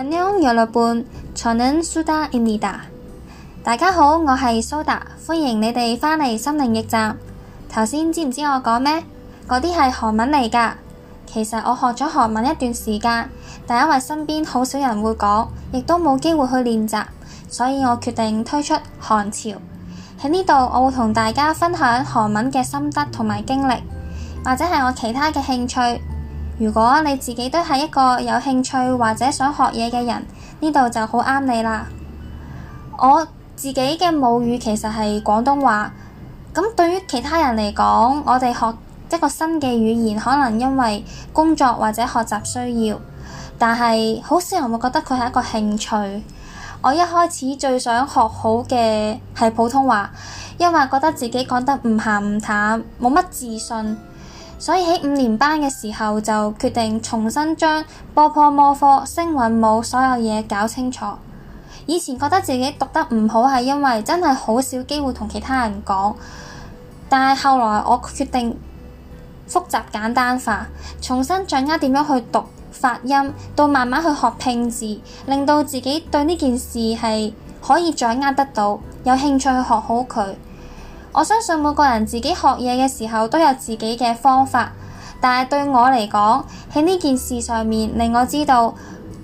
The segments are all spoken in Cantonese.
Hello 伴，才諗蘇達 a m r 大家好，我係蘇打，歡迎你哋翻嚟心靈驛站。頭先知唔知道我講咩？嗰啲係韓文嚟㗎。其實我學咗韓文一段時間，但因為身邊好少人會講，亦都冇機會去練習，所以我決定推出韓潮。喺呢度，我會同大家分享韓文嘅心得同埋經歷，或者係我其他嘅興趣。如果你自己都係一個有興趣或者想學嘢嘅人，呢度就好啱你啦。我自己嘅母語其實係廣東話，咁對於其他人嚟講，我哋學一個新嘅語言，可能因為工作或者學習需要，但係好少人會覺得佢係一個興趣。我一開始最想學好嘅係普通話，因為覺得自己講得唔咸唔淡，冇乜自信。所以喺五年班嘅時候就決定重新將波破魔科、聲韻母所有嘢搞清楚。以前覺得自己讀得唔好係因為真係好少機會同其他人講，但係後來我決定複雜簡單化，重新掌握點樣去讀發音，到慢慢去學拼字，令到自己對呢件事係可以掌握得到，有興趣去學好佢。我相信每個人自己學嘢嘅時候都有自己嘅方法，但係對我嚟講，喺呢件事上面令我知道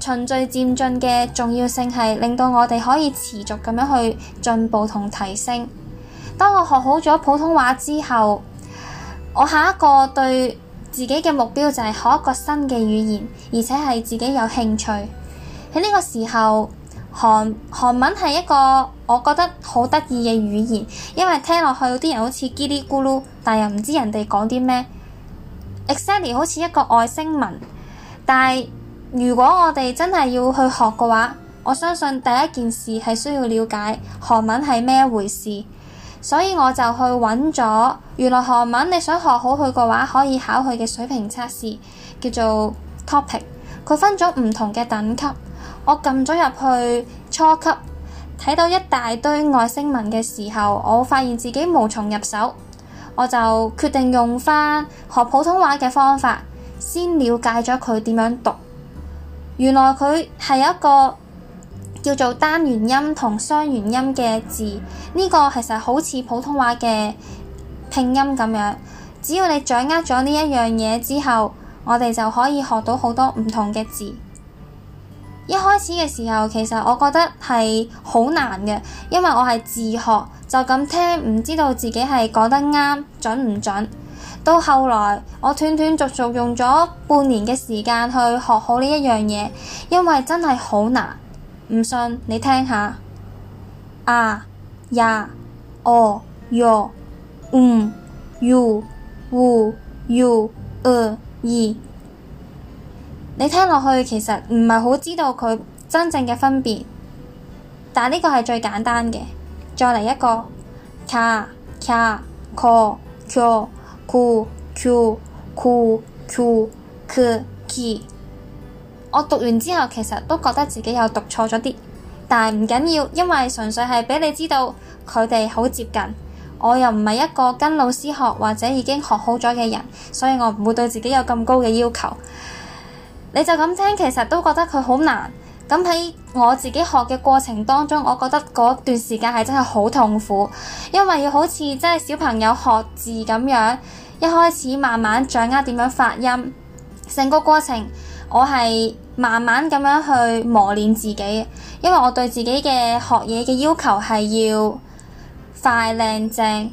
循序漸進嘅重要性係令到我哋可以持續咁樣去進步同提升。當我學好咗普通話之後，我下一個對自己嘅目標就係學一個新嘅語言，而且係自己有興趣。喺呢個時候，.韓，韓文係一個我覺得好得意嘅語言，因為聽落去有啲人好似嘰哩咕嚕，但又唔知人哋講啲咩，exactly 好似一個外星文，但係如果我哋真係要去學嘅話，我相信第一件事係需要了解韓文係咩一回事，所以我就去揾咗，原來韓文你想學好佢嘅話，可以考佢嘅水平測試叫做 topic，佢分咗唔同嘅等級。我撳咗入去初級，睇到一大堆外星文嘅時候，我發現自己無從入手，我就決定用翻學普通話嘅方法，先了解咗佢點樣讀。原來佢係一個叫做單元音同雙元音嘅字，呢個其實好似普通話嘅拼音咁樣。只要你掌握咗呢一樣嘢之後，我哋就可以學到好多唔同嘅字。一開始嘅時候，其實我覺得係好難嘅，因為我係自學，就咁聽，唔知道自己係講得啱準唔準。到後來，我斷斷續續用咗半年嘅時間去學好呢一樣嘢，因為真係好難。唔信你聽下，啊呀哦若嗯 you w h 你聽落去其實唔係好知道佢真正嘅分別，但呢個係最簡單嘅。再嚟一個卡卡可叫古叫古叫克基，我讀完之後其實都覺得自己又讀錯咗啲，但唔緊要，因為純粹係畀你知道佢哋好接近。我又唔係一個跟老師學或者已經學好咗嘅人，所以我唔會對自己有咁高嘅要求。你就咁聽，其實都覺得佢好難。咁喺我自己學嘅過程當中，我覺得嗰段時間係真係好痛苦，因為要好似真係小朋友學字咁樣，一開始慢慢掌握點樣發音，成個過程我係慢慢咁樣去磨練自己，因為我對自己嘅學嘢嘅要求係要快、靚、正。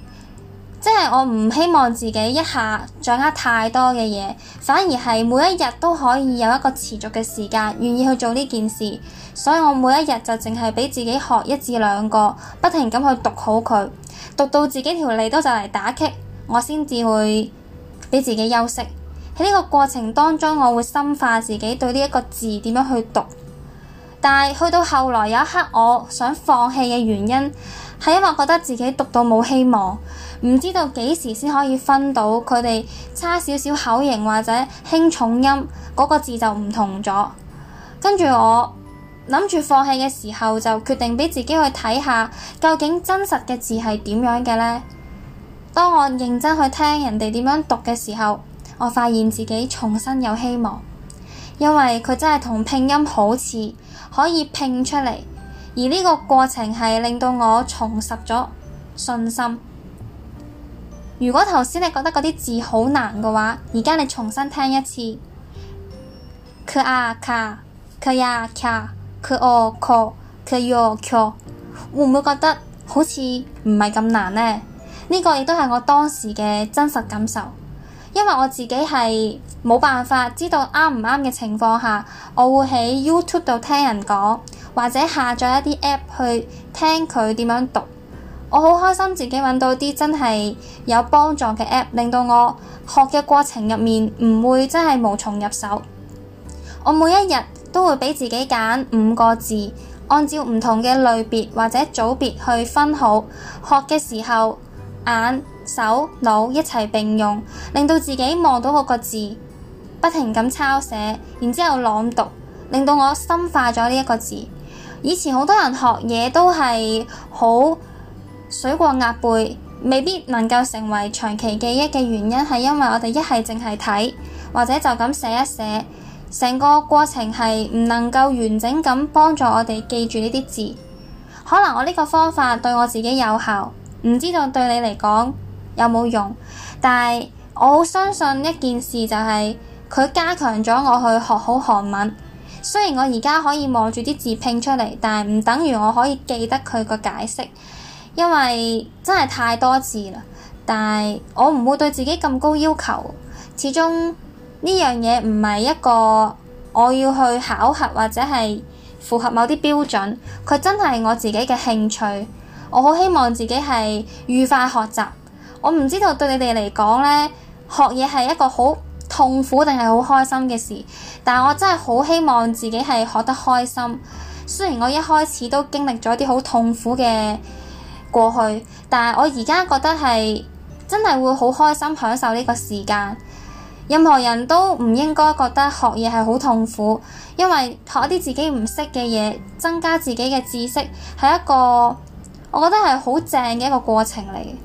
即係我唔希望自己一下掌握太多嘅嘢，反而係每一日都可以有一個持續嘅時間，願意去做呢件事。所以我每一日就淨係俾自己學一至兩個，不停咁去讀好佢，讀到自己條脷都就嚟打㗋，我先至會畀自己休息。喺呢個過程當中，我會深化自己對呢一個字點樣去讀。但係去到後來有一刻，我想放棄嘅原因係因為我覺得自己讀到冇希望，唔知道幾時先可以分到佢哋差少少口型或者輕重音嗰個字就唔同咗。跟住我諗住放棄嘅時候，就決定俾自己去睇下究竟真實嘅字係點樣嘅呢？當我認真去聽人哋點樣讀嘅時候，我發現自己重新有希望，因為佢真係同拼音好似。可以拼出嚟，而呢個過程係令到我重拾咗信心。如果頭先你覺得嗰啲字好難嘅話，而家你重新聽一次，佢啊卡佢啊卡佢哦確佢喲確，會唔會覺得好似唔係咁難呢？呢個亦都係我當時嘅真實感受。因為我自己係冇辦法知道啱唔啱嘅情況下，我會喺 YouTube 度聽人講，或者下載一啲 App 去聽佢點樣讀。我好開心自己揾到啲真係有幫助嘅 App，令到我學嘅過程入面唔會真係無從入手。我每一日都會畀自己揀五個字，按照唔同嘅類別或者組別去分好。學嘅時候，眼、手腦一齊並用，令到自己望到嗰個字，不停咁抄寫，然之後朗讀，令到我深化咗呢一個字。以前好多人學嘢都係好水過鴨背，未必能夠成為長期記憶嘅原因係因為我哋一係淨係睇，或者就咁寫一寫，成個過程係唔能夠完整咁幫助我哋記住呢啲字。可能我呢個方法對我自己有效，唔知道對你嚟講。有冇用？但係我好相信一件事就係佢加強咗我去學好韓文。雖然我而家可以望住啲字拼出嚟，但係唔等於我可以記得佢個解釋，因為真係太多字啦。但係我唔會對自己咁高要求，始終呢樣嘢唔係一個我要去考核或者係符合某啲標準。佢真係我自己嘅興趣，我好希望自己係愉快學習。我唔知道對你哋嚟講咧，學嘢係一個好痛苦定係好開心嘅事。但係我真係好希望自己係學得開心。雖然我一開始都經歷咗啲好痛苦嘅過去，但係我而家覺得係真係會好開心，享受呢個時間。任何人都唔應該覺得學嘢係好痛苦，因為學一啲自己唔識嘅嘢，增加自己嘅知識，係一個我覺得係好正嘅一個過程嚟。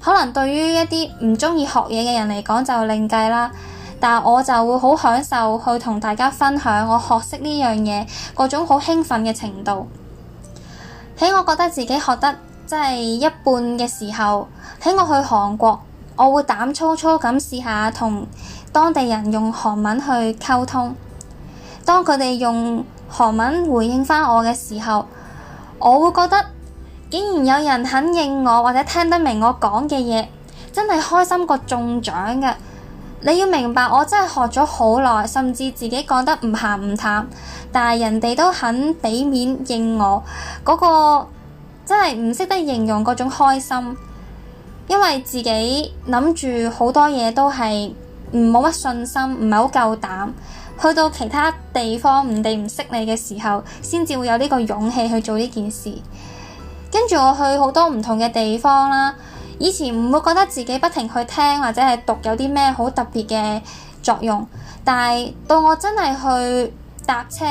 可能對於一啲唔鍾意學嘢嘅人嚟講就另計啦，但我就會好享受去同大家分享我學識呢樣嘢嗰種好興奮嘅程度。喺我覺得自己學得真係一半嘅時候，喺我去韓國，我會膽粗粗咁試下同當地人用韓文去溝通。當佢哋用韓文回應返我嘅時候，我會覺得。竟然有人肯應我，或者聽得明我講嘅嘢，真係開心過中獎嘅。你要明白，我真係學咗好耐，甚至自己講得唔鹹唔淡，但係人哋都肯俾面應我嗰、嗰個真係唔識得形容嗰種開心。因為自己諗住好多嘢都係唔冇乜信心，唔係好夠膽去到其他地方，人哋唔識你嘅時候，先至會有呢個勇氣去做呢件事。跟住我去好多唔同嘅地方啦，以前唔會覺得自己不停去聽或者係讀有啲咩好特別嘅作用，但係到我真係去搭車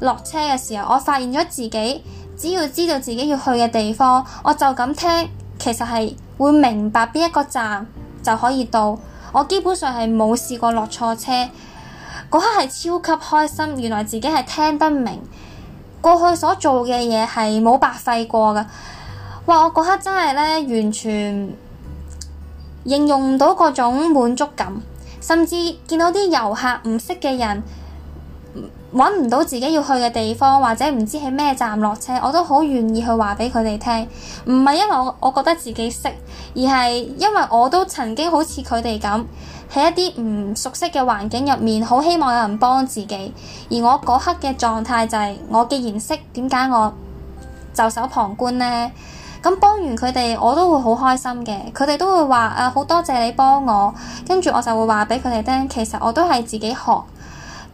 落車嘅時候，我發現咗自己只要知道自己要去嘅地方，我就咁聽，其實係會明白邊一個站就可以到，我基本上係冇試過落錯車，嗰刻係超級開心，原來自己係聽得明。過去所做嘅嘢係冇白費過嘅，哇！我嗰刻真係咧，完全形容唔到嗰種滿足感，甚至見到啲遊客唔識嘅人。揾唔到自己要去嘅地方，或者唔知喺咩站落車，我都好願意去話畀佢哋聽。唔係因為我我覺得自己識，而係因為我都曾經好似佢哋咁喺一啲唔熟悉嘅環境入面，好希望有人幫自己。而我嗰刻嘅狀態就係、係、我既然識，點解我袖手旁觀呢？咁幫完佢哋，我都會好開心嘅。佢哋都會話啊，好多謝你幫我，跟住我就會話畀佢哋聽，其實我都係自己學。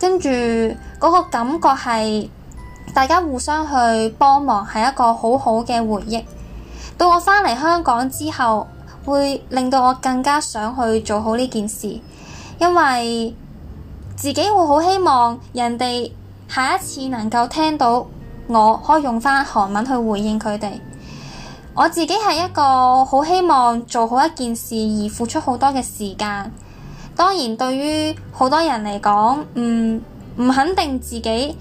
跟住嗰個感覺係大家互相去幫忙，係一個好好嘅回憶。到我返嚟香港之後，會令到我更加想去做好呢件事，因為自己會好希望人哋下一次能夠聽到我可以用返韓文去回應佢哋。我自己係一個好希望做好一件事而付出好多嘅時間。當然，對於好多人嚟講，唔、嗯、唔肯定自己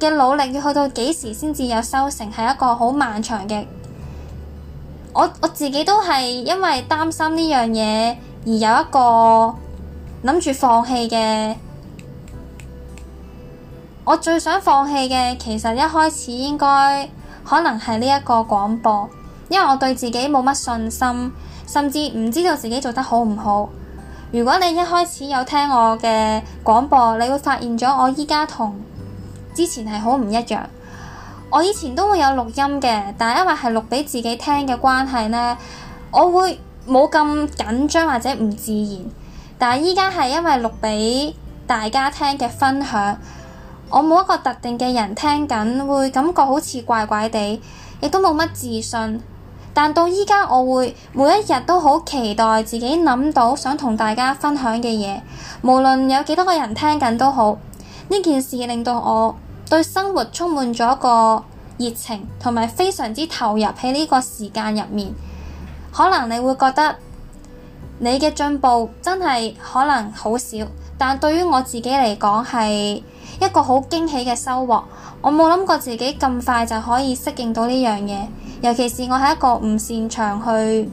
嘅努力要去到幾時先至有收成，係一個好漫長嘅。我我自己都係因為擔心呢樣嘢而有一個諗住放棄嘅。我最想放棄嘅其實一開始應該可能係呢一個廣播，因為我對自己冇乜信心，甚至唔知道自己做得好唔好。如果你一開始有聽我嘅廣播，你會發現咗我依家同之前係好唔一樣。我以前都會有錄音嘅，但係因為係錄畀自己聽嘅關係呢，我會冇咁緊張或者唔自然。但係依家係因為錄畀大家聽嘅分享，我冇一個特定嘅人聽緊，會感覺好似怪怪哋，亦都冇乜自信。但到依家，我會每一日都好期待自己諗到想同大家分享嘅嘢，無論有幾多個人聽緊都好。呢件事令到我對生活充滿咗個熱情，同埋非常之投入喺呢個時間入面。可能你會覺得你嘅進步真係可能好少，但對於我自己嚟講係一個好驚喜嘅收穫。我冇諗過自己咁快就可以適應到呢樣嘢。尤其是我係一個唔擅長去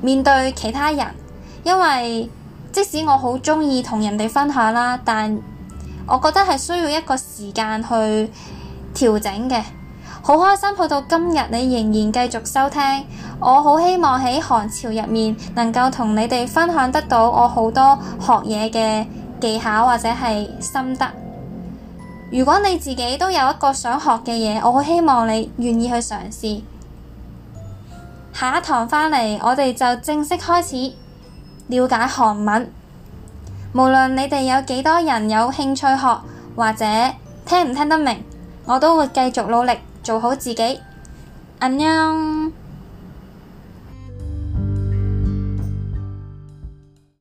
面對其他人，因為即使我好鍾意同人哋分享啦，但我覺得係需要一個時間去調整嘅。好開心去到今日，你仍然繼續收聽，我好希望喺韓潮入面能夠同你哋分享得到我好多學嘢嘅技巧或者係心得。如果你自己都有一個想學嘅嘢，我好希望你願意去嘗試。下一堂翻嚟，我哋就正式開始了解韓文。無論你哋有幾多人有興趣學，或者聽唔聽得明，我都會繼續努力做好自己。안녕。